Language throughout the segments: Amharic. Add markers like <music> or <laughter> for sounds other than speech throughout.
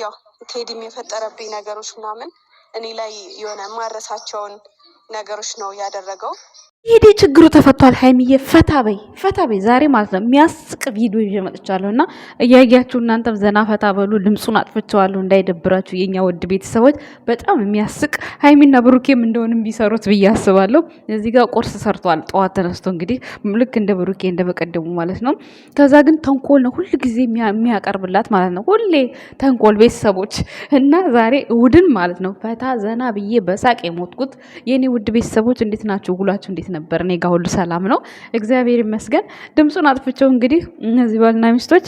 ያው ቴዲም የፈጠረብኝ ነገሮች ምናምን እኔ ላይ የሆነ ማረሳቸውን ነገሮች ነው ያደረገው። ይሄ ችግሩ ተፈቷል። ሀይሚዬ ፈታ በይ ፈታ በይ ዛሬ ማለት ነው የሚያስቅ ቪዲዮ ይዤ መጥቻለሁ እና እያያችሁ እናንተም ዘና ፈታ በሉ። ልምፁን አጥፍቼዋለሁ እንዳይደብራችሁ የኛ ወድ ቤተሰቦች። በጣም የሚያስቅ ሀይሚና ብሩኬም እንደሆንም ቢሰሩት ብዬ አስባለሁ። እዚህ ጋር ቁርስ ሰርቷል ጠዋት ተነስቶ እንግዲህ ልክ እንደ ብሩኬ እንደበቀደሙ ማለት ነው። ከዛ ግን ተንኮል ነው ሁል ጊዜ የሚያቀርብላት ማለት ነው። ሁሌ ተንኮል ቤተሰቦች እና ዛሬ እሑድን ማለት ነው ፈታ ዘና ብዬ በሳቅ የሞትኩት የእኔ ውድ ቤተሰቦች እንዴት ናቸው ጉላቸው እንዴት ነበር። እኔ ጋ ሁሉ ሰላም ነው፣ እግዚአብሔር ይመስገን። ድምፁን አጥፍቼው እንግዲህ እነዚህ ባልና ሚስቶች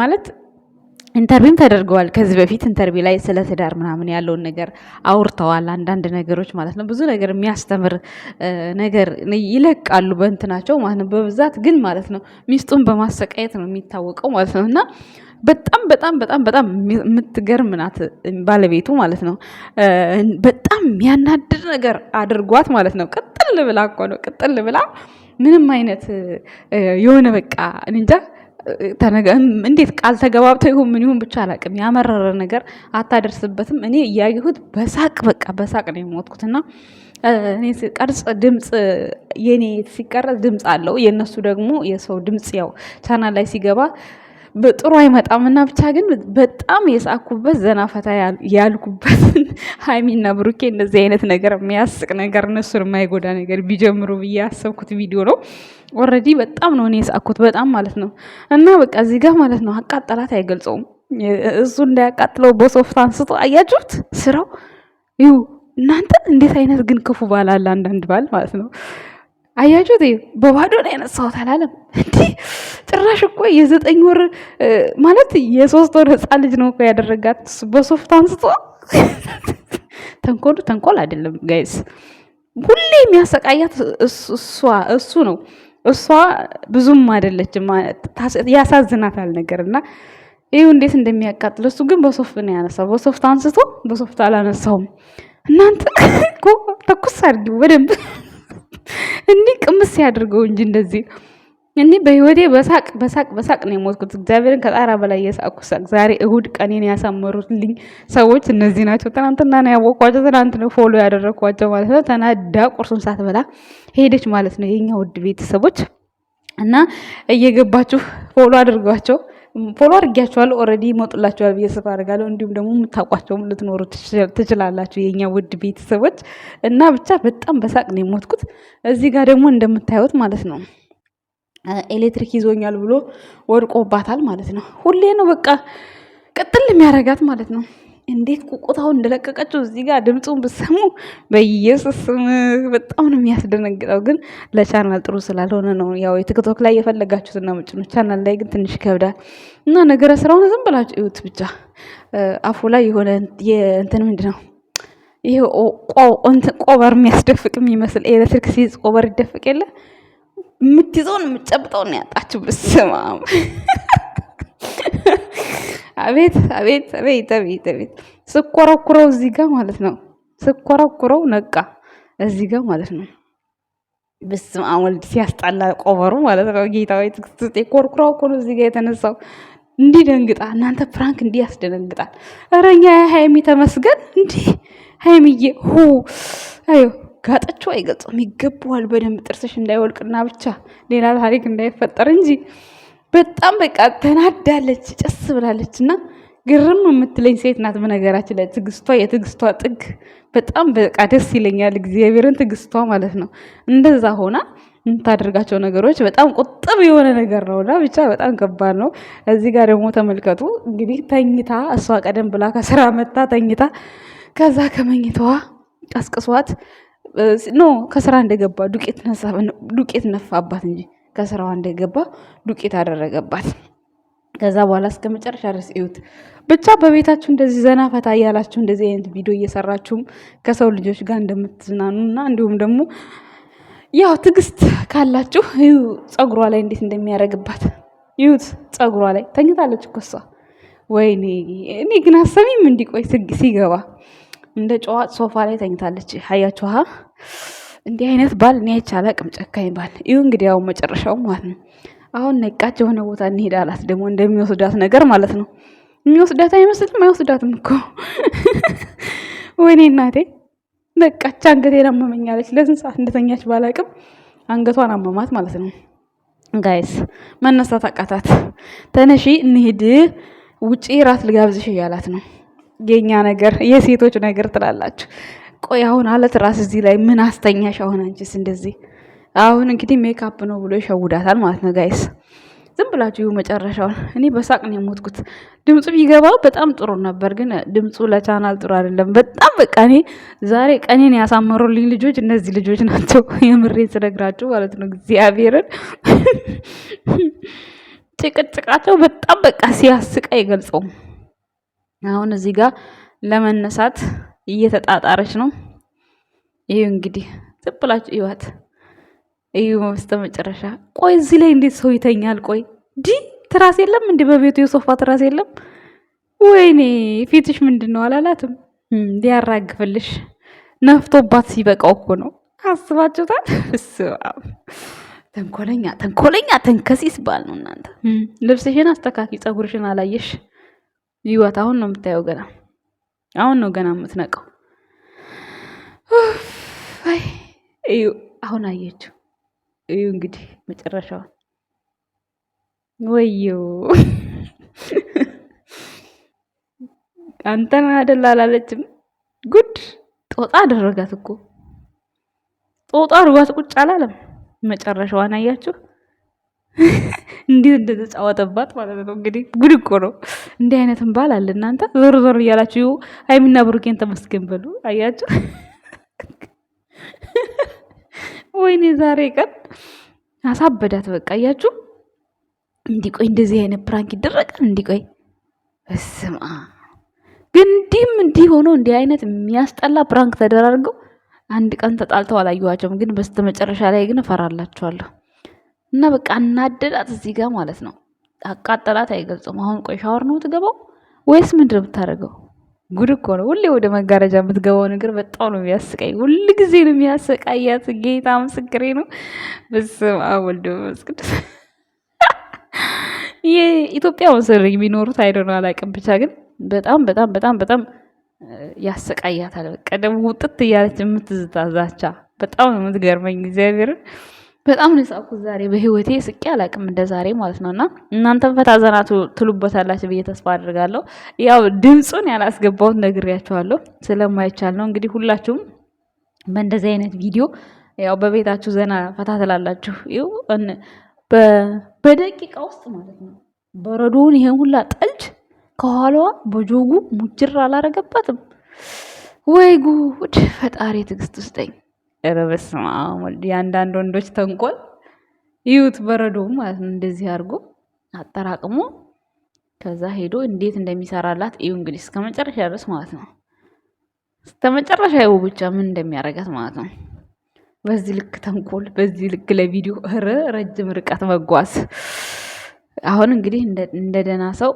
ማለት ኢንተርቪም ተደርገዋል። ከዚህ በፊት ኢንተርቪው ላይ ስለ ትዳር ምናምን ያለውን ነገር አውርተዋል። አንዳንድ ነገሮች ማለት ነው ብዙ ነገር የሚያስተምር ነገር ይለቃሉ በእንትናቸው ማለት ነው። በብዛት ግን ማለት ነው ሚስጡን በማሰቃየት ነው የሚታወቀው ማለት ነው እና በጣም በጣም በጣም በጣም የምትገርም ናት ባለቤቱ ማለት ነው። በጣም የሚያናድድ ነገር አድርጓት ማለት ነው። ቅጥል ብላ እኮ ነው ቅጥል ብላ ምንም አይነት የሆነ በቃ እንጃ እንዴት ቃል ተገባብተው ይሁን ምን ይሁን ብቻ አላቅም። ያመረረ ነገር አታደርስበትም። እኔ እያየሁት በሳቅ በቃ በሳቅ ነው የሞትኩት። እና እኔ ቀርጽ ድምፅ የኔ ሲቀረጽ ድምፅ አለው የእነሱ ደግሞ የሰው ድምፅ ያው ቻናል ላይ ሲገባ ጥሩ አይመጣም እና ብቻ ግን በጣም የሳኩበት ዘና ፈታ ያልኩበት <laughs> ሀይሚና ብሩኬ እንደዚህ አይነት ነገር የሚያስቅ ነገር እነሱን የማይጎዳ ነገር ቢጀምሩ ብዬ ያሰብኩት ቪዲዮ ነው። ኦልሬዲ በጣም ነው እኔ የሳኩት በጣም ማለት ነው። እና በቃ እዚህ ጋር ማለት ነው አቃጠላት አይገልጸውም። እሱ እንዳያቃጥለው በሶፍት አንስቶ አያችሁት ስራው ይሁ እናንተ እንዴት አይነት ግን ክፉ ባላለ አንዳንድ ባል ማለት ነው። አያችሁት? በባዶ ነው ያነሳሁት አላለም። እንዲህ ጭራሽ እኮ የዘጠኝ ወር ማለት የሶስት ወር ህፃን ልጅ ነው እኮ ያደረጋት በሶፍት አንስቶ። <laughs> ተንኮሉ ተንኮል አይደለም ጋይስ። ሁሌ የሚያሰቃያት እሷ እሱ ነው። እሷ ብዙም አይደለችም፣ ያሳዝናታል ነገር እና ይህ እንዴት እንደሚያቃጥል እሱ ግን በሶፍት ነው ያነሳው። በሶፍት አንስቶ በሶፍት አላነሳውም። እናንተ <laughs> ተኩስ አድርጊው በደንብ እንዲህ ቅምስ ያድርገው እንጂ እንደዚህ እኔ በህይወቴ በሳቅ በሳቅ በሳቅ ነው የሞትኩት። እግዚአብሔርን ከጣራ በላይ የሳቅኩ ሳቅ። ዛሬ እሁድ ቀኔን ያሳመሩልኝ ሰዎች እነዚህ ናቸው። ትናንትና ነው ያወቅኳቸው፣ ትናንት ነው ፎሎ ያደረግኳቸው ማለት ነው። ተናዳ ቁርሱን ሳትበላ ሄደች ማለት ነው። የኛ ውድ ቤተሰቦች እና እየገባችሁ ፎሎ አድርጓቸው። ፎሎ አድርጊያቸዋል ኦልሬዲ ይመጡላቸዋል ብዬ ስፋ አድርጋለሁ። እንዲሁም ደግሞ የምታውቋቸውም ልትኖሩ ትችላላችሁ የእኛ ውድ ቤተሰቦች እና ብቻ በጣም በሳቅ ነው የሞትኩት። እዚህ ጋር ደግሞ እንደምታዩት ማለት ነው ኤሌክትሪክ ይዞኛል ብሎ ወድቆባታል ማለት ነው። ሁሌ ነው በቃ ቅጥል የሚያደርጋት ማለት ነው። እንዴት ቁቁታውን እንደለቀቀችው እዚህ ጋር ድምፁን ብሰሙ በኢየሱስ በጣም ነው የሚያስደነግጠው። ግን ለቻናል ጥሩ ስላልሆነ ነው ያው የቲክቶክ ላይ የፈለጋችሁት እና ነው። ቻናል ላይ ግን ትንሽ ይከብዳል እና ነገረ ስራውን ዝም ብላችሁ እዩት ብቻ። አፉ ላይ የሆነ እንትን ምንድን ነው ይህ ቆበር የሚያስደፍቅ የሚመስል ኤሌክትሪክ ሲዝ ቆበር ይደፍቅ የለ የምትይዘውን የምትጨብጠውን ያጣችሁ ብስማም አቤት አቤት አቤት አቤት አቤት ስቆረቁረው እዚህ ጋር ማለት ነው። ስቆረቁረው ነቃ እዚህ ጋር ማለት ነው። ብስም ወልድ ሲያስጣላ ቆበሩ ማለት ነው። ጌታ ወይ ትክስት የቆርቁረው እኮ ነው እዚህ ጋር የተነሳው። እንዲህ ደንግጣ እናንተ ፕራንክ እንዲህ ያስደነግጣል። ኧረ እኛ ሀይሚ ተመስገን እንዲህ ሀይሚዬ ሁ አዩ ጋጠቹ አይገልጽም። ይገባዋል በደንብ ጥርስሽ እንዳይወልቅና ብቻ ሌላ ታሪክ እንዳይፈጠር እንጂ በጣም በቃ ተናዳለች፣ ጨስ ብላለች እና ግርም የምትለኝ ሴት ናት። በነገራችን ላይ ትግስቷ የትግስቷ ጥግ በጣም በቃ ደስ ይለኛል። እግዚአብሔርን ትግስቷ ማለት ነው። እንደዛ ሆና የምታደርጋቸው ነገሮች በጣም ቁጥብ የሆነ ነገር ነው እና ብቻ በጣም ከባድ ነው። እዚህ ጋር ደግሞ ተመልከቱ እንግዲህ ተኝታ፣ እሷ ቀደም ብላ ከስራ መታ ተኝታ፣ ከዛ ከመኝተዋ ቀስቅሷት ኖ ከስራ እንደገባ ዱቄት ነፋባት እንጂ ከስራዋ እንደገባ ዱቄት አደረገባት። ከዛ በኋላ እስከ መጨረሻ ድረስ እዩት። ብቻ በቤታችሁ እንደዚህ ዘና ፈታ እያላችሁ እንደዚህ አይነት ቪዲዮ እየሰራችሁም ከሰው ልጆች ጋር እንደምትዝናኑ እና እንዲሁም ደግሞ ያው ትዕግስት ካላችሁ ይሁ ፀጉሯ ላይ እንዴት እንደሚያደርግባት ይሁት። ፀጉሯ ላይ ተኝታለች እኮ እሷ። ወይኔ እኔ ግን አሰሚም እንዲቆይ ሲገባ እንደ ጨዋ ሶፋ ላይ ተኝታለች። አያችኋ እንዲህ አይነት ባል እኔ አይቼ አላቅም። ጨካኝ ባል ይሁ እንግዲህ ያው መጨረሻው ማለት ነው። አሁን ነቃች የሆነ ቦታ እንሄድ አላት። ደግሞ እንደሚወስዳት ነገር ማለት ነው። የሚወስዳት አይመስልም። አይወስዳትም እኮ ወይኔ እናቴ ነቃች። አንገቴን አመመኛለች። ለስንት ሰዓት እንደተኛች ባላቅም አንገቷን አመማት ማለት ነው። ጋይስ መነሳት አቃታት። ተነሺ እንሂድ ውጪ ራት ልጋብዝሽ እያላት ነው። የኛ ነገር የሴቶች ነገር ትላላችሁ። ቆይ አሁን አለት ራስ እዚህ ላይ ምን አስተኛሽ? አሁን አንቺስ እንደዚህ አሁን እንግዲህ ሜካፕ ነው ብሎ ይሸውዳታል ማለት ነው ጋይስ። ዝም ብላችሁ ይሁ መጨረሻውን። እኔ በሳቅ ነው የሞትኩት። ድምፁ ቢገባ በጣም ጥሩ ነበር፣ ግን ድምፁ ለቻናል ጥሩ አይደለም። በጣም በቃ እኔ ዛሬ ቀኔን ያሳመሩልኝ ልጆች እነዚህ ልጆች ናቸው። <laughs> የምሬን ስነግራችሁ ማለት ነው እግዚአብሔርን <laughs> ጭቅጭቃቸው በጣም በቃ ሲያስቃ አይገልጸውም። አሁን እዚህ ጋር ለመነሳት እየተጣጣረች ነው። ይህ እንግዲህ ዝም ብላችሁ ይዋት እዩ። በስተ መጨረሻ ቆይ፣ እዚህ ላይ እንዴት ሰው ይተኛል? ቆይ ዲ ትራስ የለም እንዲ በቤቱ የሶፋ ትራስ የለም? ወይኔ ፊትሽ ምንድን ነው አላላትም። ሊያራግፍልሽ ነፍቶባት ሲበቃው እኮ ነው። አስባችሁታል? ተንኮለኛ ተንኮለኛ ተንከሲስ ባል ነው። እናንተ ልብስሽን አስተካኪ፣ ፀጉርሽን አላየሽ ይወት። አሁን ነው የምታየው ገና አሁን ነው ገና የምትነቀው። እዩ አሁን አየችው። እዩ እንግዲህ መጨረሻውን። ወዮ አንተን አደላ አላለችም። ጉድ ጦጣ አደረጋት እኮ ጦጣ አድርጓት ቁጭ አላለም። መጨረሻዋን አያችሁ። እንዲሁ እንደተጫወተባት ማለት ነው። እንግዲህ ጉድ እኮ ነው። እንዲህ አይነትም ባል አለ እናንተ። ዞር ዞር እያላችሁ ሀይሚና ብሩኬን ተመስገን በሉ። አያችሁ ወይኔ ዛሬ ቀን አሳበዳት። በቃ አያችሁ። እንዲህ ቆይ እንደዚህ አይነት ፕራንክ ይደረጋል። እንዲቆይ ቆይ እስማ ግን እንዲህም እንዲህ ሆኖ እንዲህ አይነት የሚያስጠላ ፕራንክ ተደራርገው አንድ ቀን ተጣልተው አላየኋቸውም። ግን በስተመጨረሻ ላይ ግን እፈራላችኋለሁ። እና በቃ እናደዳት እዚህ ጋር ማለት ነው። አቃጠላት አይገልጽም። አሁን ቆይ ሻወር ነው ትገባው ወይስ ምንድን ነው የምታደርገው? ጉድ እኮ ነው። ሁሌ ወደ መጋረጃ የምትገባው ነገር በጣም ነው የሚያስቀኝ። ሁል ጊዜ ነው የሚያሰቃያት። ጌታ ምስክሬ ነው። በስመ አብ ወልድ ወመንፈስ ቅዱስ። የኢትዮጵያ መሰለኝ የሚኖሩት አይደነ አላውቅም። ብቻ ግን በጣም በጣም በጣም በጣም ያሰቃያታል። በቃ ደግሞ ውጥት እያለች የምትዝታዛቻ በጣም ነው የምትገርመኝ እግዚአብሔርን በጣም ነው የሳቅኩት ዛሬ። በህይወቴ ስቄ አላቅም እንደ ዛሬ ማለት ነው። እና እናንተም ፈታ ዘና ትሉበታላችሁ ብዬ ተስፋ አድርጋለሁ። ያው ድምፁን ያላስገባሁት ነግሬያችኋለሁ ስለማይቻል ነው። እንግዲህ ሁላችሁም በእንደዚህ አይነት ቪዲዮ ያው በቤታችሁ ዘና ፈታ ትላላችሁ። ይኸው በደቂቃ ውስጥ ማለት ነው በረዶውን ይሄን ሁላ ጠልጅ ከኋላዋ በጆጉ ሙጅር አላረገባትም ወይ ጉድ! ፈጣሪ ትዕግስት ውስጠኝ ኧረ በስመ አብ የአንዳንድ ወንዶች ተንኮል ይዩት። በረዶ ማለት ነው እንደዚህ አድርጎ አጠራቅሞ ከዛ ሄዶ እንዴት እንደሚሰራላት እዩ እንግዲህ እስከ መጨረሻ ድረስ ማለት ነው። እስከ መጨረሻ ይው ብቻ ምን እንደሚያደርጋት ማለት ነው። በዚህ ልክ ተንኮል፣ በዚህ ልክ ለቪዲዮ ኧረ ረጅም ርቀት መጓዝ። አሁን እንግዲህ እንደ ደህና ሰው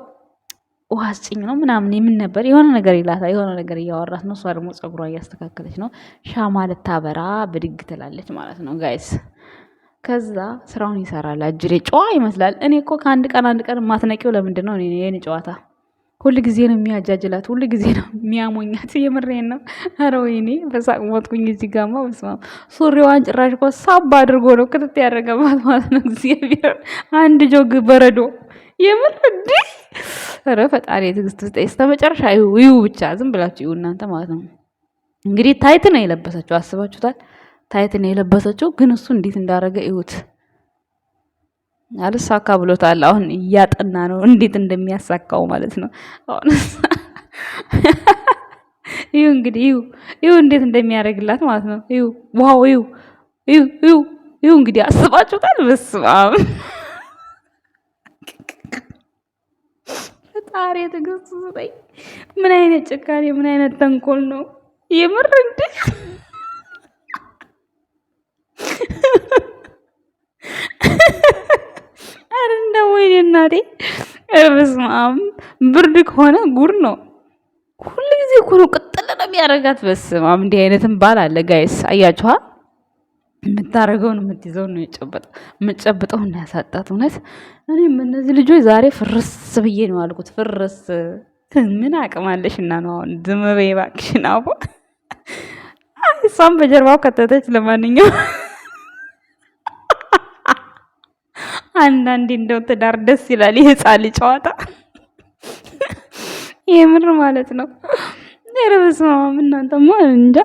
ውሃ ስጭኝ ነው ምናምን የምን ነበር የሆነ ነገር ይላታ የሆነ ነገር እያወራት ነው። እሷ ደግሞ ጸጉሯ እያስተካከለች ነው። ሻማ ልታበራ ብድግ ትላለች ማለት ነው ጋይስ። ከዛ ስራውን ይሰራል። አጅሬ ጨዋ ይመስላል። እኔ እኮ ከአንድ ቀን አንድ ቀን ማትነቂው ለምንድን ነው የኔ ጨዋታ? ሁል ጊዜ ነው የሚያጃጅላት፣ ሁል ጊዜ ነው የሚያሞኛት። የምሬን ነው። ኧረ ወይኔ በሳቅ ሞትኩኝ። እዚህ ጋማ በስማ ሱሪዋን ጭራሽ እኮ ሳብ አድርጎ ነው ክትት ያደረገባት ማለት ነው። እግዚአብሔር አንድ ጆግ በረዶ የምር እንዲ ረ ፈጣሪ የትዕግስት ስጠኝ። እስከመጨረሻ ይዩ ብቻ ዝም ብላችሁ ይዩ እናንተ ማለት ነው። እንግዲህ ታይት ነው የለበሰችው፣ አስባችሁታል? ታይት ነው የለበሰችው። ግን እሱ እንዴት እንዳደረገ እዩት። አልሳካ ብሎታል። አሁን እያጠና ነው እንዴት እንደሚያሳካው ማለት ነው። አሁን እዩ <laughs> እንግዲህ ይሁ ይሁ እንዴት እንደሚያደርግላት ማለት ነው። ይሁ ዋው ይሁ ይሁ እዩ እንግዲህ አስባችሁታል። በስመ አብ ኧረ ትዕግስት ስጠኝ። ምን አይነት ጭካኔ፣ ምን አይነት ተንኮል ነው የምር እንዴ! ኧረ እንደው ወይኔ እናቴ፣ ኧረ ብርድ ከሆነ ጉር ነው። ሁሉ ጊዜ እኮ ነው ቅጥል ነው የሚያደርጋት። በስማም እንዲህ አይነትም ባል አለ ጋይስ፣ አያችኋል የምታደርገውን የምትይዘው ነው የምጨብጠው እና ያሳጣት። እውነት እኔም እነዚህ ልጆች ዛሬ ፍርስ ብዬ ነው ያልኩት። ፍርስ ምን አቅም አለሽ እና ነው አሁን ዝም በይ እሷም በጀርባው ከተተች። ለማንኛው አንዳንዴ እንደው ትዳር ደስ ይላል፣ የህፃን ልጅ ጨዋታ የምር ማለት ነው። ኧረ እናንተማ እንጃ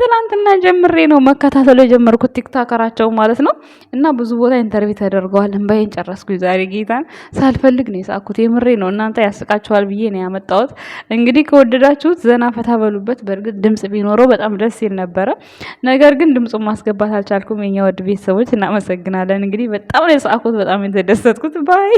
ትላንትና ጀምሬ ነው መከታተል የጀመርኩት ቲክታከራቸው ማለት ነው። እና ብዙ ቦታ ኢንተርቪው ተደርገዋል። እንባዬን ጨረስኩ ዛሬ ጌታን ሳልፈልግ ነው የሳኩት። የምሬ ነው እናንተ ያስቃችኋል ብዬ ነው ያመጣሁት። እንግዲህ ከወደዳችሁት ዘና ፈታ በሉበት። በእርግጥ ድምጽ ቢኖረው በጣም ደስ ይል ነበረ። ነገር ግን ድምፁን ማስገባት አልቻልኩም። የኛ ወድ ቤተሰቦች እናመሰግናለን። እንግዲህ በጣም ነው የሳኩት፣ በጣም የተደሰትኩት ባይ